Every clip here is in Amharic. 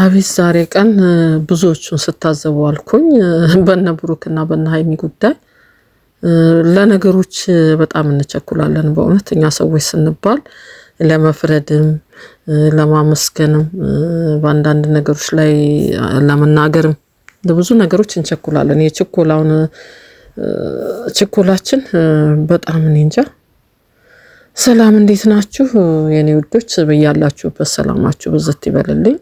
አቤት ዛሬ ቀን ብዙዎቹን ስታዘቡ አልኩኝ። በነ ብሩክና በነ ሀይሚ ጉዳይ ለነገሮች በጣም እንቸኩላለን። በእውነት እኛ ሰዎች ስንባል ለመፍረድም ለማመስገንም በአንዳንድ ነገሮች ላይ ለመናገርም ለብዙ ነገሮች እንቸኩላለን። የችኮላውን ችኮላችን በጣም እኔ እንጃ። ሰላም እንዴት ናችሁ የኔ ውዶች? ብያላችሁበት ሰላማችሁ ብዝት ይበልልኝ።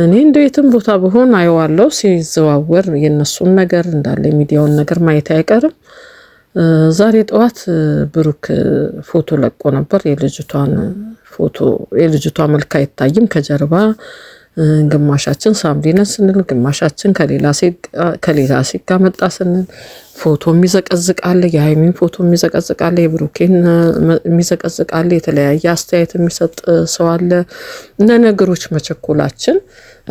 እኔ እንደው የትም ቦታ ብሆን አየዋለው ሲዘዋወር የነሱን ነገር እንዳለ የሚዲያውን ነገር ማየት አይቀርም። ዛሬ ጠዋት ብሩክ ፎቶ ለቆ ነበር። የልጅቷን ፎቶ የልጅቷ መልክ አይታይም ከጀርባ ግማሻችን ሳምዲነን ስንል፣ ግማሻችን ከሌላ ሴት ጋር መጣ ስንል፣ ፎቶ የሚዘቀዝቃለ የሀይሚን ፎቶ የሚዘቀዝቃለ የብሩኬን የሚዘቀዝቃለ የተለያየ አስተያየት የሚሰጥ ሰው አለ። ነገሮች መቸኮላችን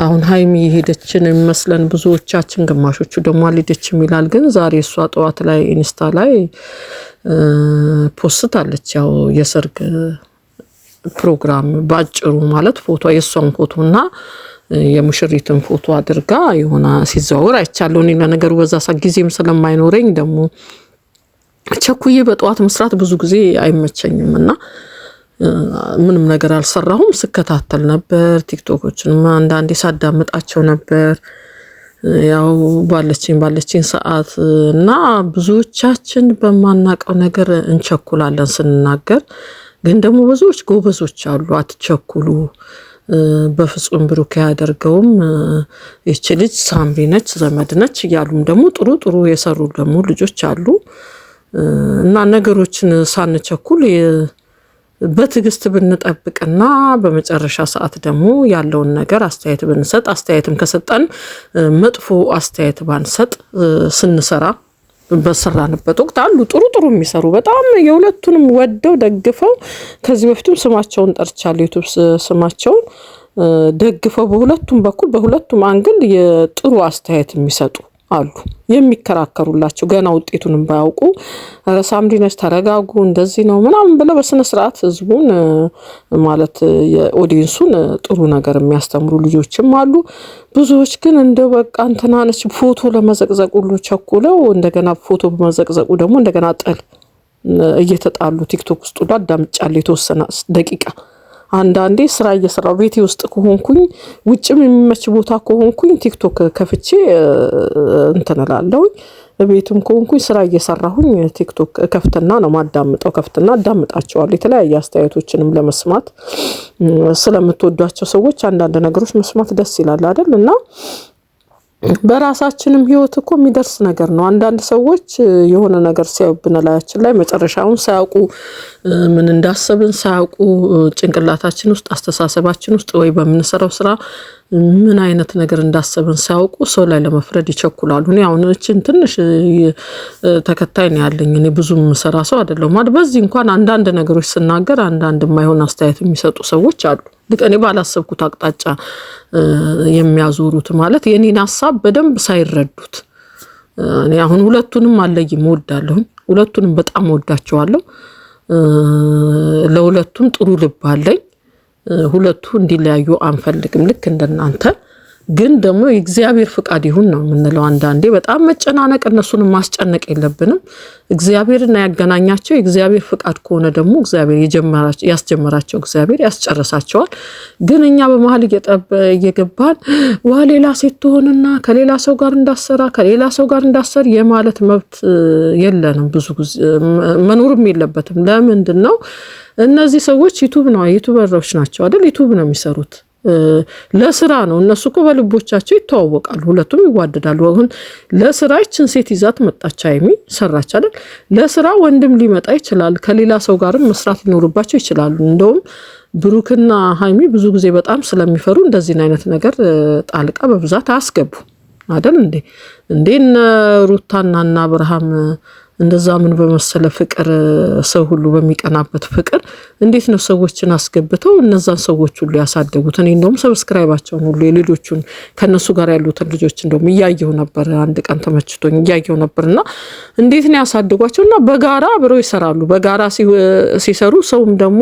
አሁን ሀይሚ የሄደችን የሚመስለን ብዙዎቻችን፣ ግማሾቹ ደግሞ አልሄደችም ይላል። ግን ዛሬ እሷ ጠዋት ላይ ኢንስታ ላይ ፖስት አለች ያው የሰርግ ፕሮግራም ባጭሩ ማለት ፎቶ የእሷን ፎቶ እና የሙሽሪትን ፎቶ አድርጋ የሆነ ሲዘዋወር አይቻለሁ። እኔ ለነገሩ በዛ ሳ ጊዜም ስለማይኖረኝ ደግሞ ቸኩዬ በጠዋት መስራት ብዙ ጊዜ አይመቸኝም እና ምንም ነገር አልሰራሁም። ስከታተል ነበር። ቲክቶኮችንም አንዳንዴ ሳዳምጣቸው ነበር ያው ባለችኝ ባለችኝ ሰዓት እና ብዙዎቻችን በማናቀው ነገር እንቸኩላለን ስንናገር ግን ደግሞ ብዙዎች ጎበዞች አሉ። አትቸኩሉ፣ በፍጹም ብሩክ ያደርገውም ይች ልጅ ሳምቢ ነች፣ ዘመድ ነች እያሉም ደግሞ ጥሩ ጥሩ የሰሩ ደግሞ ልጆች አሉ እና ነገሮችን ሳንቸኩል በትዕግስት ብንጠብቅና በመጨረሻ ሰዓት ደግሞ ያለውን ነገር አስተያየት ብንሰጥ አስተያየትም ከሰጠን መጥፎ አስተያየት ባንሰጥ ስንሰራ በሰራንበት ወቅት አሉ ጥሩ ጥሩ የሚሰሩ በጣም የሁለቱንም ወደው ደግፈው ከዚህ በፊትም ስማቸውን ጠርቻለሁ። ዩቱብ ስማቸውን ደግፈው በሁለቱም በኩል በሁለቱም አንግል የጥሩ አስተያየት የሚሰጡ አሉ የሚከራከሩላቸው ገና ውጤቱንም ባያውቁ ሳምዲነች ተረጋጉ፣ እንደዚህ ነው ምናምን ብለው በስነ ስርዓት ህዝቡን ማለት የኦዲየንሱን ጥሩ ነገር የሚያስተምሩ ልጆችም አሉ። ብዙዎች ግን እንደ በቃ እንትናነች ፎቶ ለመዘቅዘቅ ሁሉ ቸኩለው እንደገና ፎቶ በመዘቅዘቁ ደግሞ እንደገና ጥል እየተጣሉ ቲክቶክ ውስጥ ሁሉ አዳምጫለሁ የተወሰነ ደቂቃ አንዳንዴ ስራ እየሰራው ቤቴ ውስጥ ከሆንኩኝ ውጭም የሚመች ቦታ ከሆንኩኝ ቲክቶክ ከፍቼ እንትን ቤትም ከሆንኩኝ ስራ እየሰራሁኝ ቲክቶክ ከፍትና ነው ማዳምጠው። ከፍትና አዳምጣቸዋል። የተለያየ አስተያየቶችንም ለመስማት ስለምትወዷቸው ሰዎች አንዳንድ ነገሮች መስማት ደስ ይላል አይደል እና በራሳችንም ህይወት እኮ የሚደርስ ነገር ነው። አንዳንድ ሰዎች የሆነ ነገር ሲያዩብን ላያችን ላይ መጨረሻውን ሳያውቁ ምን እንዳሰብን ሳያውቁ ጭንቅላታችን ውስጥ አስተሳሰባችን ውስጥ ወይ በምንሰራው ስራ ምን አይነት ነገር እንዳሰብን ሳያውቁ ሰው ላይ ለመፍረድ ይቸኩላሉ። እኔ አሁን እችን ትንሽ ተከታይ ነው ያለኝ። እኔ ብዙ የምሰራ ሰው አይደለሁም። በዚህ እንኳን አንዳንድ ነገሮች ስናገር አንዳንድ የማይሆን አስተያየት የሚሰጡ ሰዎች አሉ። በእርግጥ እኔ ባላሰብኩት አቅጣጫ የሚያዞሩት ማለት የኔን ሀሳብ በደንብ ሳይረዱት እኔ አሁን ሁለቱንም አለይም እወዳለሁኝ። ሁለቱንም በጣም እወዳቸዋለሁ። ለሁለቱም ጥሩ ልብ አለኝ። ሁለቱ እንዲለያዩ አንፈልግም ልክ እንደናንተ ግን ደግሞ የእግዚአብሔር ፍቃድ ይሁን ነው የምንለው። አንዳንዴ በጣም መጨናነቅ እነሱን ማስጨነቅ የለብንም። እግዚአብሔርና ያገናኛቸው የእግዚአብሔር ፍቃድ ከሆነ ደግሞ እግዚአብሔር ያስጀመራቸው እግዚአብሔር ያስጨርሳቸዋል። ግን እኛ በመሀል እየገባን ዋ ሌላ ሴት ትሆንና ከሌላ ሰው ጋር እንዳሰራ ከሌላ ሰው ጋር እንዳሰር የማለት መብት የለንም። ብዙ መኖርም የለበትም። ለምንድን ነው እነዚህ ሰዎች ዩቱብ ነው ዩቱበሮች ናቸው አይደል? ዩቱብ ነው የሚሰሩት ለስራ ነው። እነሱ እኮ በልቦቻቸው ይተዋወቃሉ፣ ሁለቱም ይዋደዳሉ። አሁን ለስራ ይችን ሴት ይዛት መጣች፣ ሀይሚ ሰራች አይደል? ለስራ ወንድም ሊመጣ ይችላል፣ ከሌላ ሰው ጋርም መስራት ሊኖርባቸው ይችላሉ። እንደውም ብሩክና ሀይሚ ብዙ ጊዜ በጣም ስለሚፈሩ እንደዚህን አይነት ነገር ጣልቃ በብዛት አያስገቡ አይደል እንዴ? እንዴ እነ ሩታና እና አብርሃም እንደዛ ምን በመሰለ ፍቅር ሰው ሁሉ በሚቀናበት ፍቅር እንዴት ነው ሰዎችን አስገብተው እነዛን ሰዎች ሁሉ ያሳደጉት? እኔ እንደውም ሰብስክራይባቸውን ሁሉ የሌሎቹን ከእነሱ ጋር ያሉትን ልጆች እንደውም እያየው ነበር፣ አንድ ቀን ተመችቶኝ እያየው ነበር። እና እንዴት ነው ያሳደጓቸው? እና በጋራ አብረው ይሰራሉ። በጋራ ሲሰሩ ሰውም ደግሞ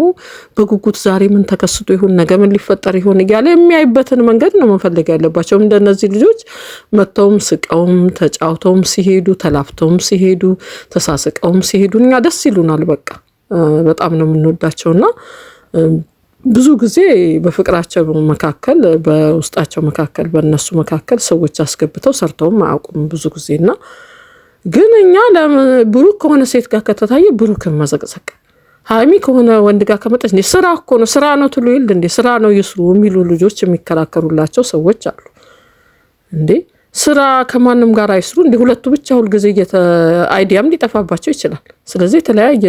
በጉጉት ዛሬ ምን ተከስቶ ይሁን ነገ ምን ሊፈጠር ይሁን እያለ የሚያይበትን መንገድ ነው መፈለግ ያለባቸው። እንደነዚህ ልጆች መጥተውም ስቀውም ተጫውተውም ሲሄዱ ተላፍተውም ሲሄዱ ተሳስቀውም ሲሄዱ እኛ ደስ ይሉናል። በቃ በጣም ነው የምንወዳቸው እና ብዙ ጊዜ በፍቅራቸው መካከል በውስጣቸው መካከል በእነሱ መካከል ሰዎች አስገብተው ሰርተውም አያውቁም ብዙ ጊዜ እና ግን እኛ ብሩክ ከሆነ ሴት ጋር ከተታየ ብሩክን መዘቅዘቅ ሀይሚ ከሆነ ወንድ ጋር ከመጠች እንደ ስራ እኮ ነው ስራ ነው ትሉ ይል ስራ ነው ይስሩ የሚሉ ልጆች የሚከራከሩላቸው ሰዎች አሉ እንዴ። ስራ ከማንም ጋር አይስሩ። እንደ ሁለቱ ብቻ ሁልጊዜ አይዲያም ሊጠፋባቸው ይችላል። ስለዚህ የተለያየ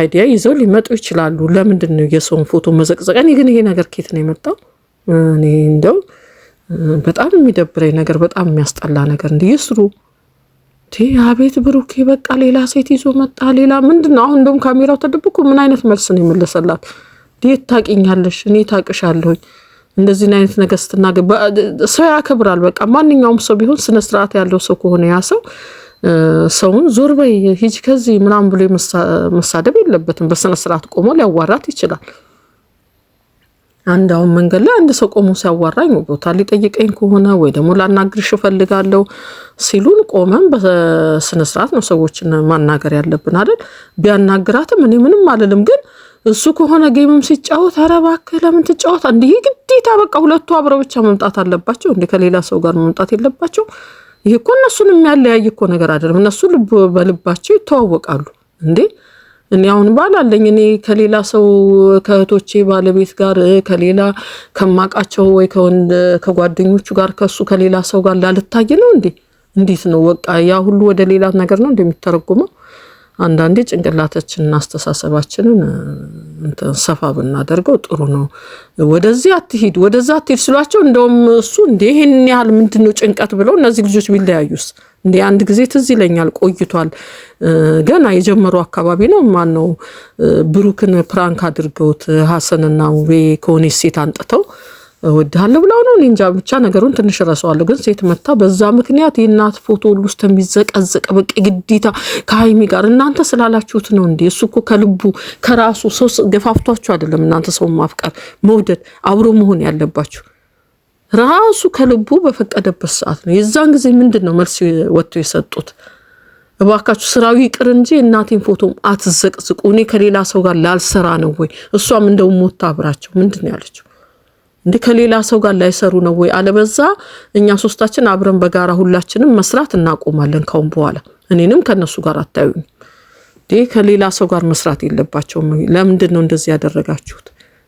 አይዲያ ይዘው ሊመጡ ይችላሉ። ለምንድን ነው የሰውን ፎቶ መዘቅዘቅ? እኔ ግን ይሄ ነገር ኬት ነው የመጣው? እኔ እንደው በጣም የሚደብረኝ ነገር፣ በጣም የሚያስጠላ ነገር እንዲ ይስሩ። አቤት ብሩኬ፣ በቃ ሌላ ሴት ይዞ መጣ። ሌላ ምንድን ነው አሁን? እንደውም ካሜራው ተደብቆ ምን አይነት መልስ ነው የመለሰላት? የት ታውቂኛለሽ? እኔ ታውቅሻለሁኝ እንደዚህን አይነት ነገር ስትናገር ሰው ያከብራል። በቃ ማንኛውም ሰው ቢሆን ስነ ስርዓት ያለው ሰው ከሆነ ያ ሰው ሰውን ዞር በይ ሂጂ ከዚህ ምናምን ብሎ መሳደብ የለበትም። በስነ ስርዓት ቆሞ ሊያዋራት ይችላል። አንድ አሁን መንገድ ላይ አንድ ሰው ቆሞ ሲያዋራኝ ቦታ ሊጠይቀኝ ከሆነ ወይ ደግሞ ላናግርሽ እፈልጋለሁ ሲሉን ቆመን በስነ ስርዓት ነው ሰዎችን ማናገር ያለብን አይደል? ቢያናግራትም እኔ ምንም አልልም ግን እሱ ከሆነ ጌምም ሲጫወት ኧረ እባክህ ለምን ትጫወት? እንዲህ ግዴታ በቃ ሁለቱ አብረው ብቻ መምጣት አለባቸው እንዴ? ከሌላ ሰው ጋር መምጣት የለባቸው። ይህ እኮ እነሱን የሚያለያይ እኮ ነገር አይደለም። እነሱ በልባቸው ይተዋወቃሉ እንዴ። እኔ አሁን ባል አለኝ። እኔ ከሌላ ሰው ከእህቶቼ ባለቤት ጋር ከሌላ ከማቃቸው ወይ ከጓደኞቹ ጋር ከሱ ከሌላ ሰው ጋር ላልታይ ነው እንዴ? እንዴት ነው በቃ ያ ሁሉ ወደ ሌላ ነገር ነው እንደሚተረጉመው አንዳንዴ ጭንቅላታችንና አስተሳሰባችንን ሰፋ ብናደርገው ጥሩ ነው። ወደዚህ አትሂድ፣ ወደዛ አትሂድ ስሏቸው እንደውም እሱ እንደ ይህን ያህል ምንድን ነው ጭንቀት ብለው እነዚህ ልጆች ቢለያዩስ? እንደ አንድ ጊዜ ትዝ ይለኛል፣ ቆይቷል፣ ገና የጀመሩ አካባቢ ነው። ነው ብሩክን ፕራንክ አድርገውት ሀሰንና ውቤ ከሆነች ሴት አንጥተው እወድሃለሁ ብላው ነው እንጃ ብቻ ነገሩን ትንሽ ረሳዋለሁ። ግን ሴት መታ በዛ ምክንያት የእናት ፎቶ ሁሉ ውስጥ የሚዘቀዘቅ በቂ ግዴታ ከሀይሚ ጋር እናንተ ስላላችሁት ነው እንዴ? እሱ እኮ ከልቡ ከራሱ ሰው ገፋፍቷችሁ አይደለም። እናንተ ሰው ማፍቀር መውደድ አብሮ መሆን ያለባችሁ ራሱ ከልቡ በፈቀደበት ሰዓት ነው። የዛን ጊዜ ምንድን ነው መልስ ወጥቶ የሰጡት? እባካችሁ ስራዊ ይቅር እንጂ እናቴን ፎቶም አትዘቅዝቁ። እኔ ከሌላ ሰው ጋር ላልሰራ ነው ወይ? እሷም እንደውም ሞታ አብራቸው ምንድን ነው ያለችው? እንደ ከሌላ ሰው ጋር ላይሰሩ ነው ወይ? አለበዛ እኛ ሶስታችን አብረን በጋራ ሁላችንም መስራት እናቆማለን። ካሁን በኋላ እኔንም ከነሱ ጋር አታዩኝ። ከሌላ ሰው ጋር መስራት የለባቸውም። ለምንድን ነው እንደዚህ ያደረጋችሁት?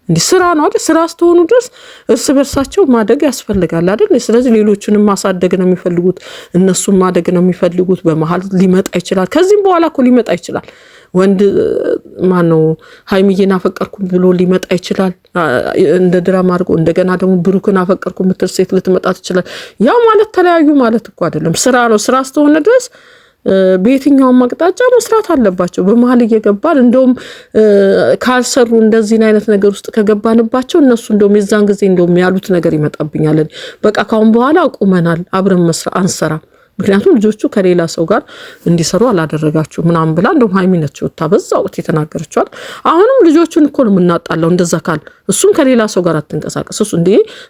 እንዲህ ስራ ነው አይደል? ስራ ስትሆኑ ድረስ እርስ በርሳቸው ማደግ ያስፈልጋል አይደል? ስለዚህ ሌሎችንም ማሳደግ ነው የሚፈልጉት፣ እነሱም ማደግ ነው የሚፈልጉት። በመሀል ሊመጣ ይችላል። ከዚህም በኋላ እኮ ሊመጣ ይችላል ወንድ ማነው ሀይሚዬን አፈቀርኩ ብሎ ሊመጣ ይችላል። እንደ ድራማ አድርጎ እንደገና ደግሞ ብሩክን አፈቀርኩ ምትል ሴት ልትመጣ ትችላል። ያው ማለት ተለያዩ ማለት እኮ አይደለም። ስራ ነው። ስራ ስተሆነ ድረስ በየትኛውም አቅጣጫ መስራት አለባቸው። በመሀል እየገባል እንደውም ካልሰሩ እንደዚህን አይነት ነገር ውስጥ ከገባንባቸው እነሱ እንደውም የዛን ጊዜ እንደውም ያሉት ነገር ይመጣብኛለን። በቃ ካሁን በኋላ አቁመናል አብረን መስራት አንሰራም ምክንያቱም ልጆቹ ከሌላ ሰው ጋር እንዲሰሩ አላደረጋችሁ ምናምን ብላ እንደውም ሀይሚ ነች ወታ በዛ ወቅት የተናገረችዋል። አሁንም ልጆቹን እኮ ነው የምናጣለው እንደዛ ካል እሱም ከሌላ ሰው ጋር አትንቀሳቀስ። እሱ እንዲ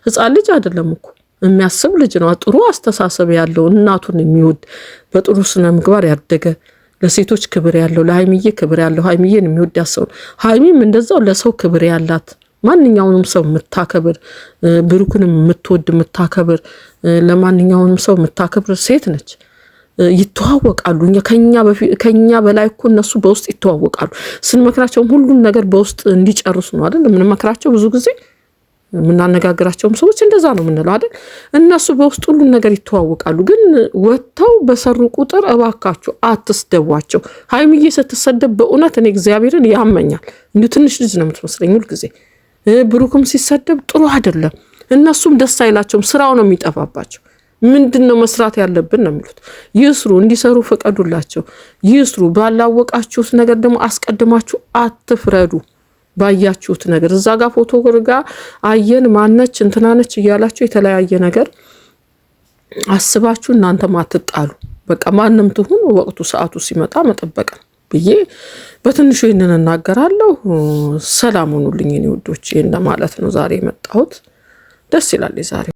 ህፃን ልጅ አይደለም እኮ የሚያስብ ልጅ ነው። ጥሩ አስተሳሰብ ያለው እናቱን የሚወድ በጥሩ ስነ ምግባር ያደገ ለሴቶች ክብር ያለው ለሀይሚዬ ክብር ያለው ሀይሚዬን የሚወድ ያሰው ሀይሚም እንደዛው ለሰው ክብር ያላት ማንኛውንም ሰው የምታከብር ብሩክንም የምትወድ የምታከብር ለማንኛውም ሰው የምታከብር ሴት ነች። ይተዋወቃሉ። ከኛ በላይ እኮ እነሱ በውስጥ ይተዋወቃሉ። ስንመክራቸውም ሁሉም ነገር በውስጥ እንዲጨርሱ ነው አይደል የምንመክራቸው። ብዙ ጊዜ የምናነጋግራቸውም ሰዎች እንደዛ ነው የምንለው አይደል። እነሱ በውስጥ ሁሉም ነገር ይተዋወቃሉ። ግን ወጥተው በሰሩ ቁጥር እባካችሁ አትስደቧቸው። ሀይምዬ ስትሰደብ በእውነት እኔ እግዚአብሔርን ያመኛል። እንዲሁ ትንሽ ልጅ ነው የምትመስለኝ ሁልጊዜ። ብሩክም ሲሰደብ ጥሩ አይደለም። እነሱም ደስ አይላቸውም። ስራው ነው የሚጠፋባቸው። ምንድን ነው መስራት ያለብን ነው የሚሉት። ይስሩ፣ እንዲሰሩ ፍቀዱላቸው፣ ይስሩ። ባላወቃችሁት ነገር ደግሞ አስቀድማችሁ አትፍረዱ። ባያችሁት ነገር እዛ ጋር ፎቶ ጋ አየን ማነች እንትናነች እያላችሁ የተለያየ ነገር አስባችሁ እናንተ ማትጣሉ። በቃ ማንም ትሁን ወቅቱ ሰዓቱ ሲመጣ መጠበቅ ብዬ በትንሹ ይህንን እናገራለሁ። ሰላም ሁኑልኝ ውዶች፣ ይህን ለማለት ነው ዛሬ የመጣሁት። ደስ ይላል የዛሬው